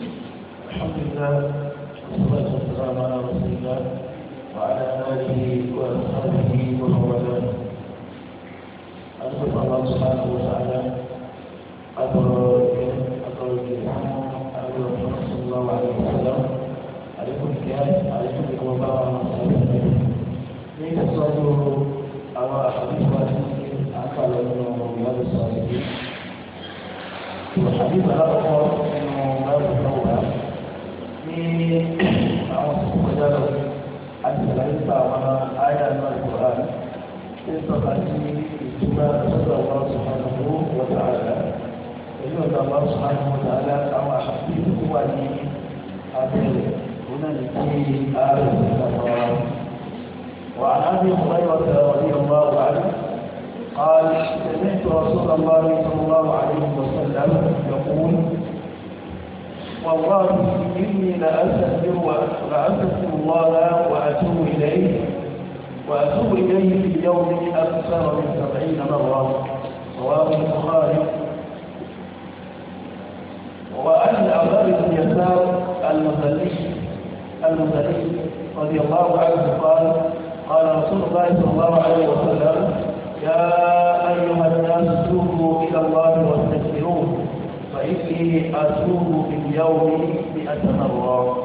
الحمد لله والصلاة والسلام على رسول الله وعلى آله وأصحابه ومن والاه أشكر الله سبحانه وتعالى أبرر أبرر أبرر صلى الله عليه وسلم عليكم الكلام عليكم الوفاء والصلاة من تصدر أو أحاديث وأحاديث أكثر من هذا الصالحين báyọ̀ lọ́wọ́ wa ní àwọn tó kọjá lọ àti ìlànà ìgbà àwọn àyà náà ìgbà wa ṣe ń tọ́ka sí ìtura sọ́dọ̀ àwọn sọ̀rọ̀ owó wọ́tà àlá èyí ọ̀dà àwọn sọ̀rọ̀ wọ́tà àlá àwọn àṣàbí tó wà ní abẹ́rẹ́ òun náà ní kí ààrẹ ìgbà wa. وعن ابي هريره رضي الله عنه قال سمعت رسول الله صلى الله عليه وسلم يقول والله إني لأستغفر وأستغفر الله وأتوب إليه وأتوب إليه في اليوم أكثر من سبعين مرة رواه البخاري وأن أبي بن يسار المزني المزني رضي الله عنه قال قال رسول الله صلى الله عليه وسلم يا أيها الناس توبوا إلى الله واستغفروه فإني أتوب اليوم مئة مرة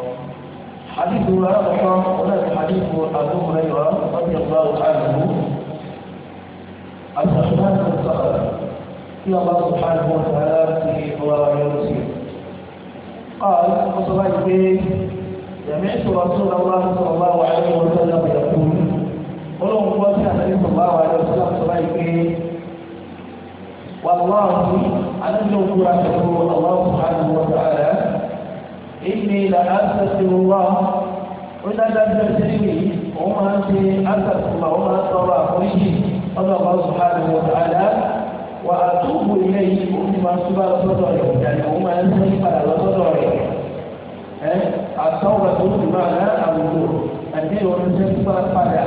حديث الأعظم هناك حديث أبو هريرة رضي الله عنه الرحمن الصخر في الله سبحانه وتعالى في قرآن يوسف قال وصلت به سمعت رسول الله صلى الله عليه وسلم يقول قلوا قوات النبي صلى الله عليه وسلم صلى به والله أنا أقول الله سبحانه وتعالى inni la asasirullah onídàájọ́ sẹ́yìn yìí òun máa ń ṣe asasirullah òun máa ń sọ̀rọ̀ àforíjì ọlọ́pàá subhanahu wa ta'ala wà á tó wù ilé yìí òun ti máa túbà lọ́sọ̀dọ̀ rẹ̀ ìjànì òun máa ń sẹ́yìn padà lọ́sọ̀dọ̀ rẹ̀ ẹ́ àtọ́wọ̀ tó ti máa ná àwùjọ àti òun ṣe túbà padà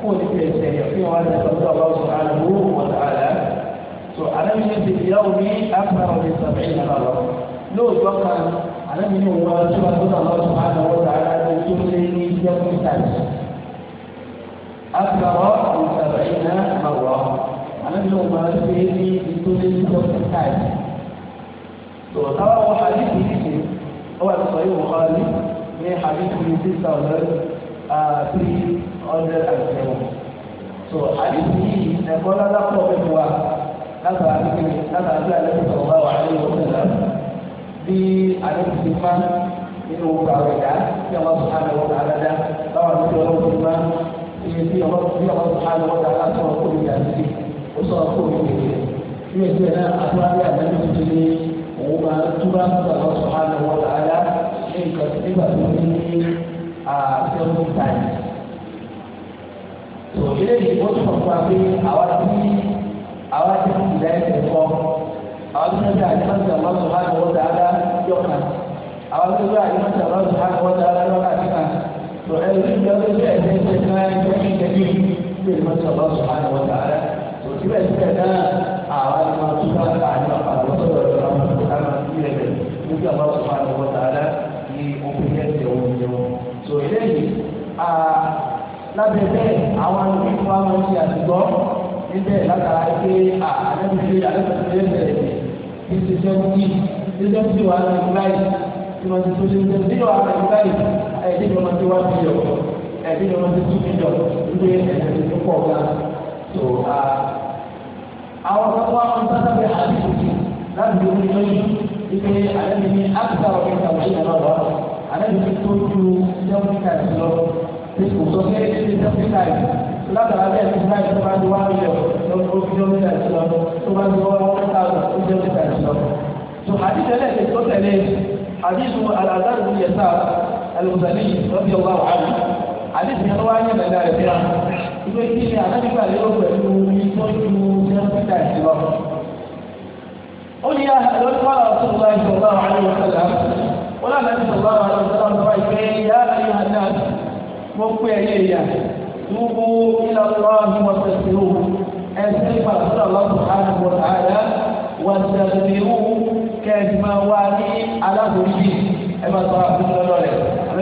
kó o ti fi ẹsẹ̀ yẹ fi wọn ṣe ọlọ́pàá subhanahu wa ta'ala tó àlẹ́ mi ti fi ìyá òní àkàrà òní sàbẹ̀ lóòótọ́ kan àlẹ́bí ni òun wọn tó bá tó náà lọ́sùn máa náwó rárá ní tó lé ní seven times. Àgbàwọ̀ ìgbàgbọ́ iná àwọ̀ àlẹ́bí ni òun máa ń pè é ní tó lé ní seven times. Tó táwọn wọ àdìsí ìdíje, ó wà lọ́sọ̀ yóò wọ́n rí ní àdìsí six thousand three hundred and seven. Tó àdìsí yìí ẹ̀kọ́ lálápọ̀ fẹ́ fún wa látara àdìsí látara àdìsí àlẹ́ sọ̀rọ̀ bá wà bí àdókò ti máa nínú àwọn ẹ̀dá tí àwọn sùhánù wọn kàrà dá báwọn ní ọlọ́wọ́ ti máa ṣe bí àwọn sùhánù wọn kàrà sọ̀rọ̀ kó mi dàbí ó sọ̀rọ̀ kó mi dèbè ní ẹgbẹ́ náà àtúwárí àdáni tuntun ní òun máa túbá àwọn sùhánù wọn kàrà ní nǹkan nígbà tó ní àfẹ́wọ́n táyì. tòun ilé ìwọ́n àwọn tó ń gbé àdìmọ́ sí àwọn ọ̀sán hàn wọ́n dáadáa yọ kan àwọn tó ń gbé àdìmọ́ sí àwọn ọ̀sán hàn wọ́n dáadáa yọ kan kan tó ẹ ní ìjọ tó ṣe ẹ̀jẹ̀ ṣe náà ẹgbẹ́ mi kẹ́kẹ́ gbé àdìmọ́ sí àwọn ọ̀sán hàn wọ́n dáadáa tó síbẹ̀síbẹ̀ náà àwọn àdìmọ́ tó bá ń bá àdìmọ́ àwọn tó lọ lọ́wọ́ àwọn tó bá ń bá ilẹ̀ bẹ̀ níbi àwọn kí n ṣe sẹ́wọ́tì ṣe sẹ́wọ́tì wà á láì tí wọ́n ti tó ṣe sẹ́wọ́tì nínú àwọn ẹ̀ka láì ẹ̀dí ni wọ́n ti wá sí ọ̀ ẹ̀dí ni wọ́n ti tún mí lọ ilé ẹ̀sìn tó pọ̀ ga tó a. àwọn ọ̀pọ̀ àwọn sábẹ́ àdìsí láti ló ní lóyún ibi àlẹ́bí ní áfíríkà ọ̀gbìn tàbí ìyàlọ́ àlẹ́bí tó ju sẹ́wọ́tì látara bẹ́ẹ̀ ti báyìí tó bá di wá mílíọ̀ lọ́wọ́ fíjọ́ mítà sí lọ tó bá di wá one thousand fíjọ́ mítà sí lọ. tó àdìsẹ́ lẹ́sẹ̀ tó tẹ̀lé àdìsù alàzàrù yẹ sá alùsàlì lọ́bí ọba wàhálì àdìsù yẹn wá yẹn lẹ́dà rẹ̀ bíra. ìwé kí ni àdájúgbà lérò pẹ̀lú ìtọ́jú fíjọ́ mítà sí lọ. ó ní àlọ́kọ́ àwọn ọ̀ṣun توبوا إلى الله واستغفروه أسلم رسول الله سبحانه وتعالى واستغفروه كما واني على بريده أما صاحب الله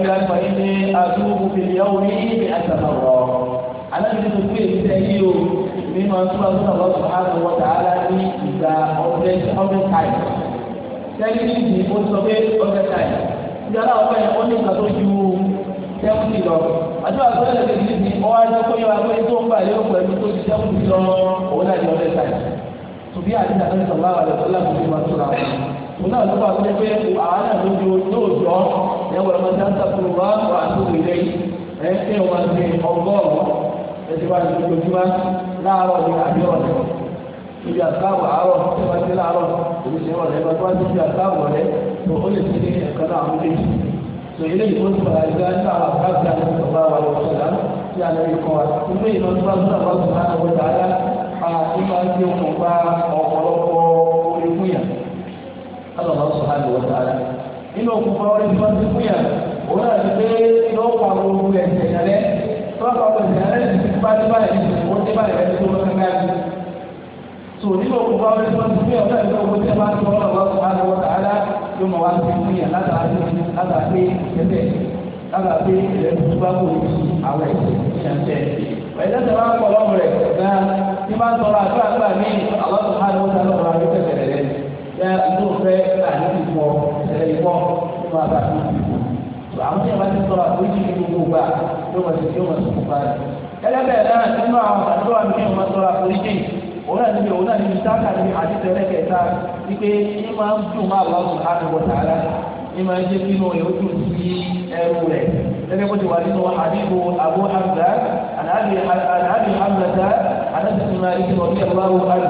قال فإني أتوب في اليوم مئة مرة أنا كنت أقول لك nínú ọtún ọdún ọlọ́ subhanahu wa ta'ala ní ìgbà ọ̀dẹ ọdún táì. Sẹ́yìn ní ó sọ pé ọdẹ táì. Ìjọba ọ̀pẹ yẹn ó ní ìgbà tó ju sẹ́wọ́n ti lọ àdúrà tó lẹ́lẹ̀ kejì ní ọwọ́ ajọ́ pé wá pé tó ń bà lé òkú ẹni tó ti jẹ́ òkú lọ òun náà ní ọdẹ táyì tùbí àdìsá tó ń sọ láwà lọ sọlá kò ní wá tó ra wọn òun náà ló bá pé pé àwọn náà ló ju lóòjọ́ ẹ̀wọ̀n ọmọ tí wọ́n ta fún wa wà tó wù ilé ẹ̀ ṣé wọn ti ọgọ́rùn-ún ẹ̀ṣẹ̀ wá ní ojoojúmọ́ láàárọ̀ ní àbí ọ̀dọ́ ibi àtàwọ̀ àárọ̀ tí wọ́n ti láàárọ̀ òun ṣe wọ̀lẹ́ tòyìnlẹ yìí ló ń sọ̀rọ̀ àyíká nípa àwọn àbáàbí àti ìjọba àwọn ọ̀ṣọ́lá tí a lè kọ́ wa nínú ìlú tó bá ń sọ̀rọ̀ àwọn ọ̀ṣọ́lá àwọn ọ̀ṣọ́lá àti máa ń gbé okùn pa ọ̀pọ̀lọpọ̀ orí fúnyà alọ́nà ọ̀ṣọ́lá ni wọ́n sára nínú okùn pa orí fúnyà òun náà ti gbé lọ́pàá orí ẹ̀sẹ̀ ìyàlẹ́ lọ́pàá orí ìyàlẹ́ ti bá dé yóò mọ wá sí fún yẹn látara pé látara pé ìtẹ́tẹ́ látara pé ìrẹsì bá kò ní àwọn ẹ̀sìn ìṣẹ̀ǹtẹ̀. ẹ̀ẹ́dẹ́sẹ̀ máa ń pọ̀ lọ́wọ́ rẹ̀ gan-an tí máa ń tọrọ àdúrà gbà mí àwọn tó hàn wọ́n sáré ọ̀rọ̀ àdúrà tẹ̀lé rẹ̀ yẹ inú fẹ́ àní ìfọ̀ tẹ̀lé ìfọ̀ nínú àbá tó àwọn tí a máa ti tọrọ àforíjì ní gbogbo gbà yóò mọ̀ sí yóò mọ̀ sí gbogbo rẹ̀. ẹlẹ́bẹ̀ẹ́ náà nínú àwọn àdúrà mi ò máa tọrọ àforíjì òun wípé ní máa ń dùn máa wà lọ́sùn láti wọ̀ sàrà ní máa ń jẹ́ kí inú rẹ̀ ó dùn sí ẹrú rẹ̀ gẹ́gẹ́ bó ti wà nínú àdìgbò Abu Hamza àdáàbì Hamza àdáàbì Malik rọ̀bí ẹ̀rọ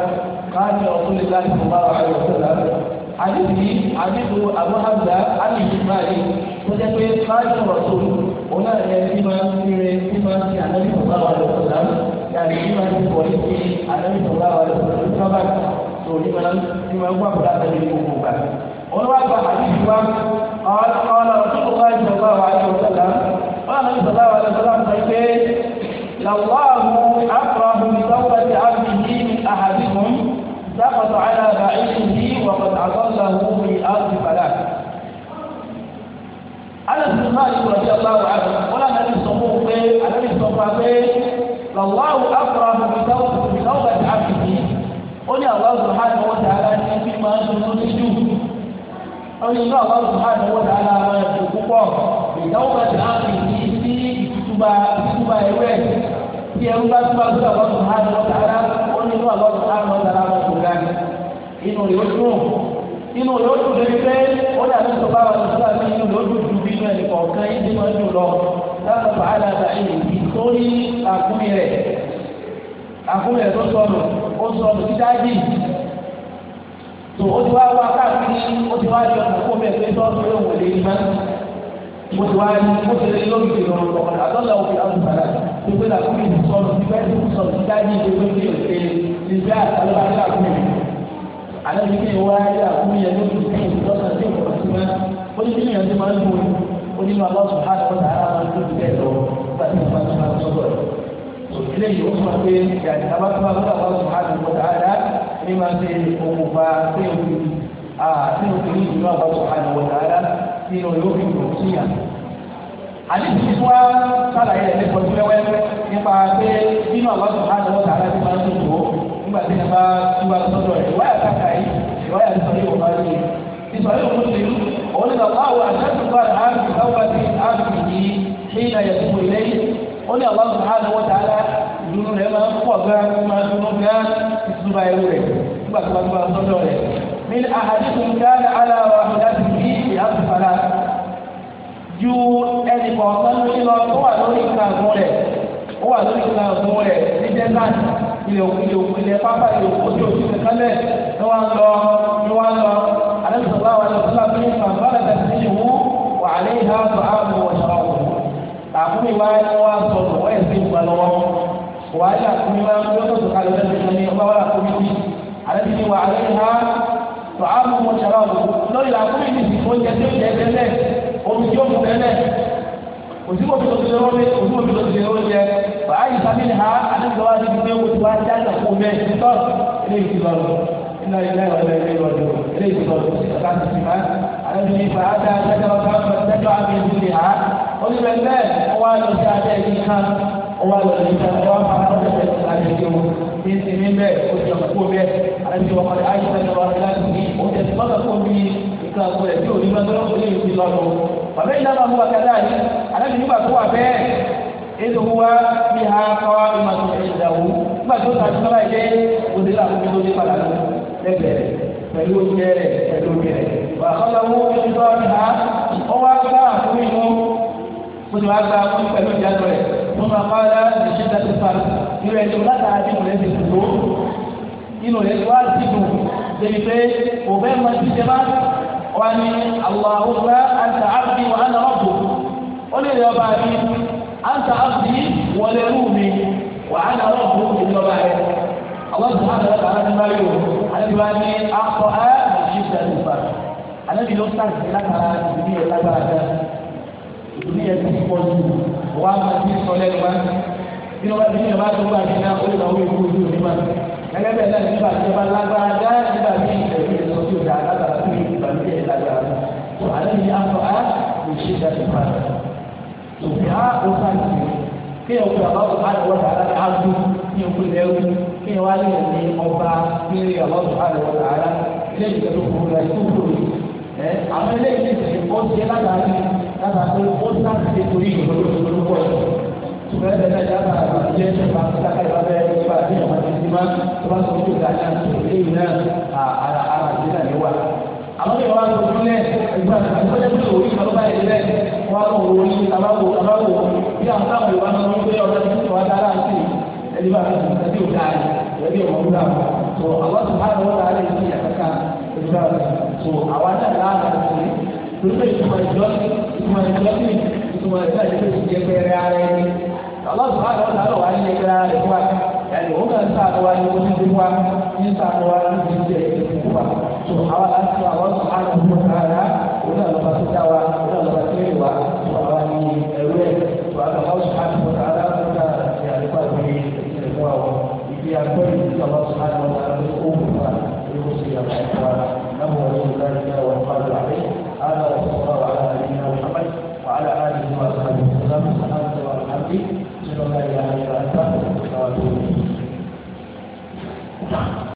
káàdì ọ̀tún lè láti fún wa àwọn ọ̀sẹ̀lá. àdìgbì àdìgbò Abu Hamza àdìgbì Malik tó jẹ́ pé káàdì ọ̀tún òun náà rẹ̀ kí máa ń fi tó ní ma ní ma wá bọ̀ láti ẹni gbogbo gbà. wọn wá gba àdìsí wa ọlọ́ọ̀lọ́ tó kọ́ wáyé sọ̀rọ̀ àwọn àjọ sọ̀lá ọlọ́ọ̀lọ́ sọ̀rọ̀ àwọn àjọ sọ̀lá sọ pé làwọ́ọ̀mù àkọ́ọ̀mù sọ́wọ́tì àbìyí àhàdìkùn sáfàtọ̀ àdàbà ìṣìṣì wọ̀kọ̀tà àkọ́ọ̀lọ́ alẹ́sìn náà ní ìwọ̀n tí ọlọ́run àgbà wọn làwọn ẹni sọ fún un pé àdébìsọ̀ fún wa pé lọ́wọ́ àwọn ọ̀rẹ́ iná ọ̀gá ọ̀sùnmáàdì owó dáadáa àwọn ẹ̀sùn púpọ̀ ìdáwó bá ti láti ní sí ìtúba ìtúba ẹ̀wẹ̀ tí ẹ̀rú bá túbà sí ọ̀gá ọ̀sùnmáàdì owó dáadáa ó ní inú ọ̀gá ọ̀sùnmáàdì owó dáadáa wọn tún gani inú rẹ̀ dùn inú dùn lórí pé ó sọ̀bá inú dùn ju bí kọ̀ọ̀kan tó o ti wá wá káàkiri o ti wá yọ ọmọ o mi pé sọ́ọ̀tù yóò wọlé ní má mo ti wá ní mo ti lé lórí ìrọ̀rùn ọ̀kadà àtọ́lá òfin àtúbàdà tó gbé làkú mi ti sọ̀rọ̀ ti bẹ́ẹ̀ tó sọ̀rọ̀ ti dájú ìdè pé mi ò ti bẹ́ àtàlọ́ àti làkú mi. àlọ́ mi kì í wá ayé làkú mi yẹn lórí ìdè ìtọ́sọ̀ tí òkò ti má ó ní kíni ìyànjú máa ń mú ó nínú aláṣọ àtàlọ́ àti eléyìí ó ní náà bá subhanahu wa ta'ala nínú yóò fi lò sí yàn. àdìsí tí wọ́n sàlàyé ẹ̀ lẹ́kọ̀ọ́ tó lẹ́wẹ́ nípa pé nínú àwọn subhanahu wa ta'ala ti máa ń tó nígbà tí wọ́n bá tí wọ́n sọ́dọ̀ ẹ̀ wáyà kàkà yìí ìwáyà ti sọ yóò bá lè ìsọ̀ yóò mú sí òun nígbà báwo àtẹ́sùkọ́ àbí táwọn ti àbí yìí ní ìdáyà tó kù ilé yìí ó ní àwọn subhanahu wa ta'ala ìdúró rẹ̀ máa ń pọ̀ gan máa dúró gan ìtúbà ẹrú rẹ̀ nígbà tó bá tó bá sọ́dọ̀ rẹ̀ من أحدكم كان على راحلته في أسفل ju ẹnì kọ̀ọ̀kan lórí lọ tó wà lórí nǹkan ọ̀gbun rẹ̀ ó wà lórí nǹkan ọ̀gbun rẹ̀ ní desert ilẹ̀ òkú ilẹ̀ òkú ilẹ̀ pápá ilẹ̀ òkú ojú òkú nìkan lẹ̀ ni wọ́n lọ ni wọ́n lọ alẹ́sọ̀lá wa lọ sílá bí nǹkan bọ́lá tẹ̀sí ní ìwú wà á lé ìhà àbọ̀ ààbò wọ̀nyí ọ̀wọ̀ àbúrò ìwà ni wọ́n sọ̀rọ̀ wọ́n ẹ̀ ìgbà lọ́wọ́ wàá yà kú ọ̀rọ̀ lórí àkúrẹ́ ní ìsìnkú oúnjẹ tí ó jẹ tẹ́lẹ̀ omi tí ó mú tẹ́lẹ̀ òsìkò tó ti lè rọ́ọ̀lẹ́ òsìkò tó ti lè rọ́ọ̀lẹ́ bàá yìí sábì ní ha àdéhùn àti ìdílé wo ti wá já ìdàkú mẹ́ tọ́ ilé ìtìlọ́rù ilé ìlọ́rù ilé ìlọ́rù ilé ìtìlọ́rù ìtàkà ti ti máa àdéhùn ìfà àdá àdájọ́ àmì ìdílé ha ó ní bẹ́ẹ̀ bẹ́ẹ̀ wọ́n á lọ sí adé yìí kan ọwọ́ àlọ́ ní ìta ọwọ́ àwọn alábẹ̀tẹ̀ àdéhùn ní sinmi bẹ́ẹ̀ ó ti ọ̀pọ̀ bẹ́ẹ̀ àti ọmọ rẹ̀ àyíká ìjọba láti ní oúnjẹ tí wọ́n kọ́ bí ìka àgbo rẹ̀ tí òní gbàgbọ́ ó lè fi lọ́dọ̀. bàbá yìí dábàá wà kádà yìí alábì nígbà tó wà bẹ́ẹ̀ ètò wa bí ha kọ́ ìmọ̀tò ìdàwó nígbà tó ta sí lọ́la ilé òde làkúkú tó dé padà lọ lẹ́gbẹ̀ẹ́ rẹ̀ pẹ̀lú oúnjẹ rẹ̀ pẹ̀lú oúnjẹ rẹ̀ wà kọ́láwó ìjọba bí ha ọwọ́ agbára ثم قال من شدة الفرق يريد لا تعدي من inú rẹ̀ wá dídùn débi pé òbẹ́ máa ti jẹ máa wà ní Allahumma anta abdi wa ana rabbu ó lè lọ́ba mi anta abdi wọlé rú mi wa ana rabbu ìjọba rẹ̀ àwọn tó máa lọ́ba ara ti máa yò àti wá ní akọ ẹ́ àti ìṣẹ́ ló sàn látara ìdílé lágbára dáa ní ẹsẹ̀ pọ̀ jù wà á ti sọ lẹ́nu wá bí wọ́n ti ní ìwà tó gbà nínú ó lè lọ́wọ́ ikú ojú òní ma gẹ́gẹ́ bẹ́ẹ̀ náà nígbà tí ó bá lágbára dá nígbà tí ìtẹ̀wé ìtọ́ tí ó dá lágbára tó yẹ ìbànújẹ́ ìlágbára tó àlẹ́ yìí á sọ á kò ṣe ìdájọ́ fún àná tó fi á ó ká sí kí ẹ̀ wọ́n bá wọ́n bá wọ́n dá lára á dún ní òkú lẹ́wù kí ẹ̀ wá lè ní ọba kiri àwọn bá wọ́n dá lára ilé ìtẹ́lókòó rẹ̀ tó kúrò ẹ̀ àwọn ilé ìtẹ́lókòó dábàá pé ó sáà ti torí ìṣòro ìṣòro pọ̀ ṣùgbọ́n ẹgbẹ́ náà dábàá àti jẹ́ ìṣẹ̀fà sáká ìwà bẹ́ẹ̀ nípa àti ìwà àti ìdímá tó bá sọ fún ìgbà náà èyí náà ara ara àti ìlànà wà. àwọn ìwà wa lọ sílẹ̀ ìgbà àtúntò tó orí ìgbà tó bá yẹ lẹ́ wọn lọ wò ní àbáwò àbáwò bí àwọn táwọn ìwà náà wọ́n gbé ọ̀dọ́ tó ti wá dára sí ẹni bá ti ọ̀dà rẹ̀ ẹni ọ̀mọ̀ wúlà tó ìtumọ̀ ìjọsìn ìtumọ̀ ìjọsìn tó ti jẹ pẹrẹ ara ẹni ọlọ́sùn bá lọ́sà lọ́wọ́ á ní ẹgbẹ́ ara rẹ̀ fún wa yàtọ̀ òun kàn sáà lọ́wọ́ ní oṣù tó wa ní sáà lọ́wọ́ ní oṣù tó yẹ àwọn aláṣọ àwọn sùn á lọ́wọ́ sáà rà òun náà lọ́ba tó dá wa